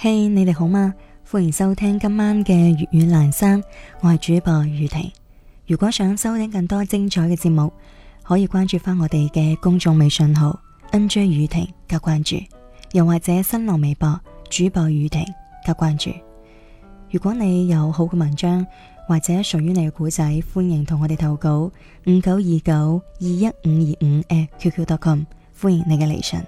嘿，hey, 你哋好嗎？歡迎收聽今晚嘅粵語闌珊，我係主播雨婷。如果想收聽更多精彩嘅節目，可以關注翻我哋嘅公眾微信號 n j 雨婷加關注，又或者新浪微博主播雨婷加關注。如果你有好嘅文章或者屬於你嘅故仔，歡迎同我哋投稿五九二九二一五二五嘅 QQ.com，歡迎你嘅嚟信。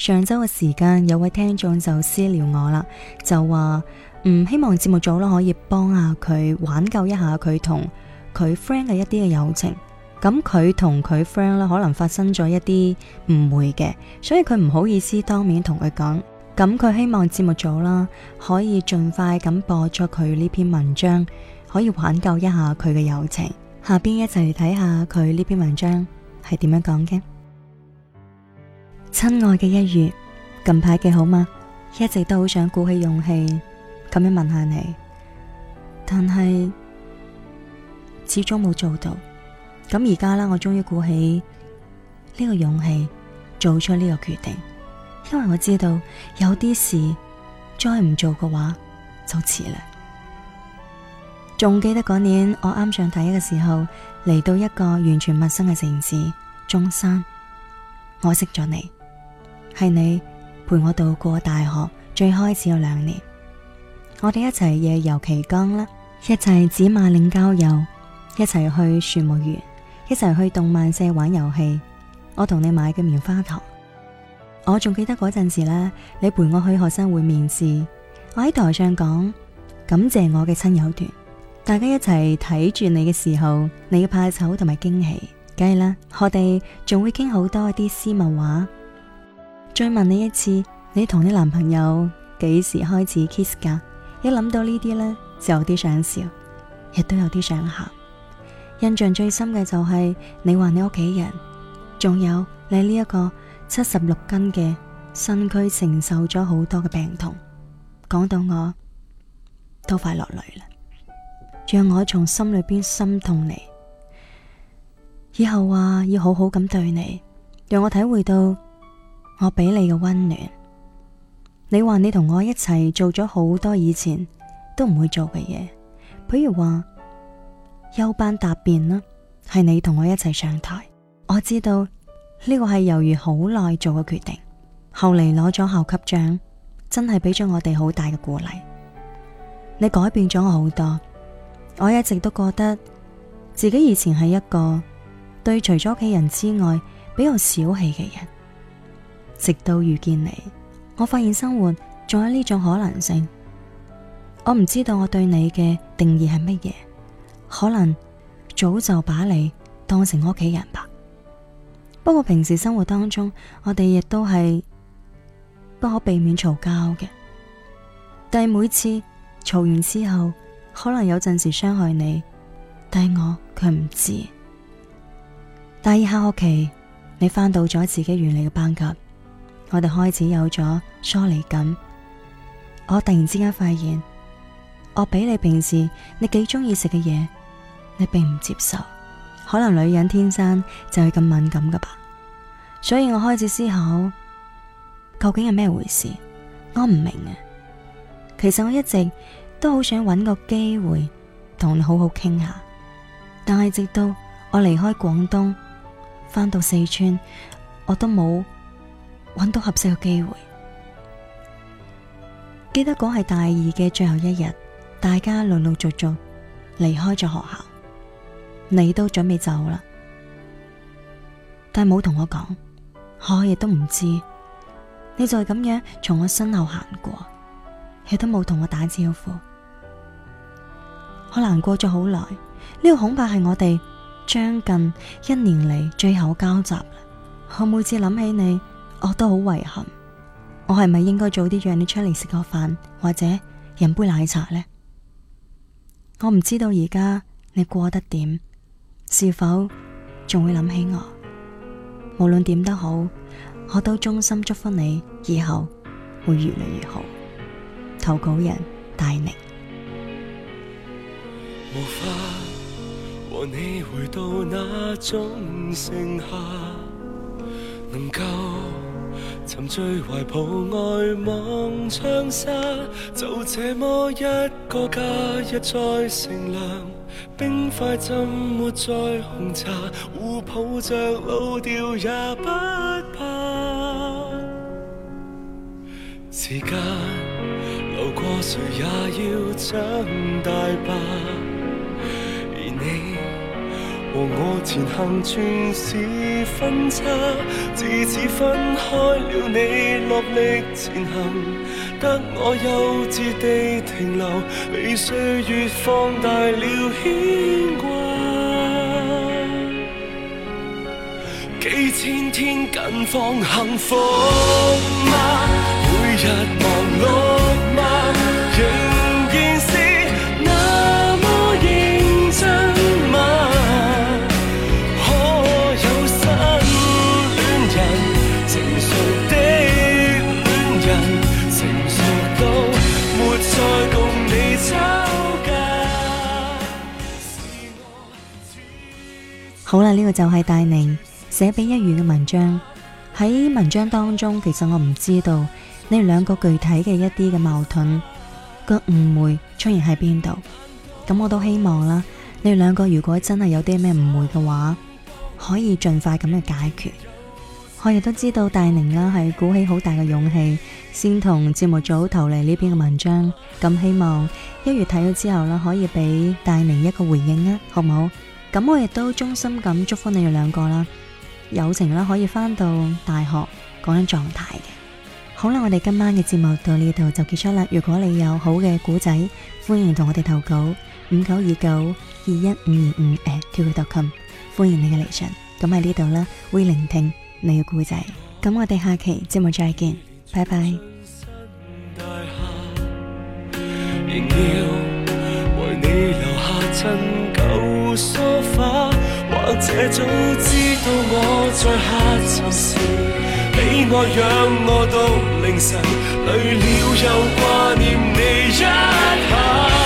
上周嘅時間，有位聽眾就私聊我啦，就話唔、嗯、希望節目組啦可以幫下佢挽救一下佢同佢 friend 嘅一啲嘅友情。咁佢同佢 friend 啦，可能發生咗一啲誤會嘅，所以佢唔好意思當面同佢講。咁佢希望節目組啦可以盡快咁播出佢呢篇文章，可以挽救一下佢嘅友情。下邊一齊睇下佢呢篇文章係點樣講嘅。親愛嘅一月，近排嘅好嗎？一直都好想鼓起勇氣咁樣問下你，但係始終冇做到。咁而家啦，我終於鼓起呢個勇氣做出呢個決定，因為我知道有啲事再唔做嘅話就遲啦。仲記得嗰年我啱上大一嘅時候，嚟到一個完全陌生嘅城市中山，我識咗你。係你陪我度過大學最開始有兩年，我哋一齊夜遊岐江啦，一齊紫馬嶺郊遊，一齊去樹木園，一齊去動漫社玩遊戲。我同你買嘅棉花糖，我仲記得嗰陣時呢，你陪我去學生會面試，我喺台上講，感謝我嘅親友團，大家一齊睇住你嘅時候，你嘅怕醜同埋驚喜，梗係啦。我哋仲會傾好多一啲私密話。再問你一次，你同你男朋友幾時開始 kiss 噶？一諗到呢啲呢，就有啲想笑，亦都有啲想喊。印象最深嘅就係、是、你話你屋企人，仲有你呢一個七十六斤嘅身軀承受咗好多嘅病痛，講到我都快落淚啦，讓我從心裏邊心痛你。以後話、啊、要好好咁對你，讓我體會到。我俾你嘅溫暖，你話你同我一齊做咗好多以前都唔會做嘅嘢，譬如話優班答辯啦、啊，係你同我一齊上台。我知道呢個係猶豫好耐做嘅決定，後嚟攞咗校級獎，真係俾咗我哋好大嘅鼓勵。你改變咗我好多，我一直都覺得自己以前係一個對除咗屋企人之外比較小氣嘅人。直到遇見你，我發現生活仲有呢種可能性。我唔知道我對你嘅定義係乜嘢，可能早就把你當成屋企人吧。不過平時生活當中，我哋亦都係不可避免嘈交嘅。但係每次嘈完之後，可能有陣時傷害你，但係我卻唔知。第二下學期，你翻到咗自己原嚟嘅班級。我哋開始有咗疏離感，我突然之間發現，我畀你平時你幾鍾意食嘅嘢，你並唔接受，可能女人天生就係咁敏感㗎吧，所以我開始思考，究竟係咩回事，我唔明啊。其實我一直都好想揾個機會同你好好傾下，但係直到我離開廣東，翻到四川，我都冇搵到合適嘅機會，記得嗰係大二嘅最後一日，大家陸陸續續離開咗學校，你都準備走啦，但冇同我講，我亦都唔知，你就係咁樣從我身後行過，亦都冇同我打招呼，我難過咗好耐，呢個恐怕係我哋將近一年嚟最後交集，我每次諗起你。我都好遺憾，我係咪應該早啲約你出嚟食個飯，或者飲杯奶茶呢？我唔知道而家你過得點，是否仲會諗起我？無論點都好，我都衷心祝福你以後會越嚟越好。投稿人大檸。無法和你回到那沉醉懷抱外望窗紗， 就這麼一個假日再乘涼，冰塊浸沒在紅茶，互抱着老掉也不怕。時間流過，誰也要長大吧。和我前行全是分岔，自此分開了你落力前行，得我幼稚地停留，被歲月放大了牽掛。幾千天近況幸福嗎、啊？每日忙碌。就係大檸寫俾一月嘅文章。喺文章當中，其實我唔知道你哋兩個具體嘅一啲嘅矛盾，個誤會出現喺邊度，咁我都希望啦，你哋兩個如果真係有啲咩誤會嘅話，可以盡快咁樣解決。我亦都知道大檸啦係鼓起好大嘅勇氣先同節目組投嚟呢篇嘅文章，咁希望一月睇咗之後啦，可以俾大檸一個回應啊，好唔好？咁我亦都衷心咁祝福你哋兩個啦，友情啦可以翻到大學嗰種狀態嘅。好啦，我哋今晚嘅節目到呢度就結束啦。如果你有好嘅故仔，歡迎同我哋投稿五九二九二一五二五 @qq.com，歡迎你嘅嚟信。咁喺呢度呢，會聆聽你嘅故仔。咁我哋下期節目再見，拜拜。仍要為你留下梳化，或者早知道我在下沉時，你愛養我到凌晨，累了又掛念你一下。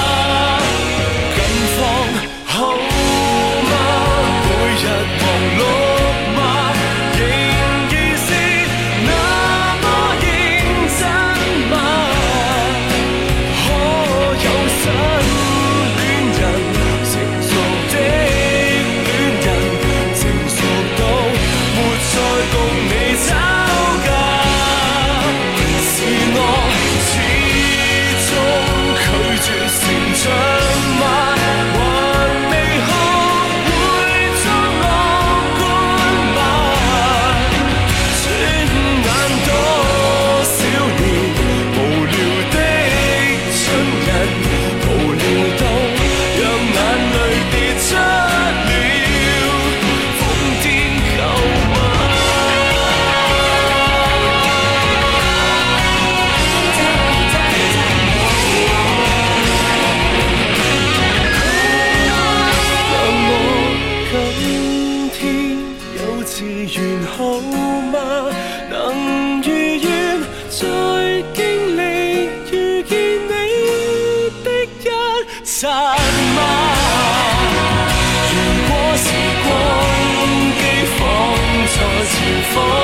得嗎？如果時光機放在前方。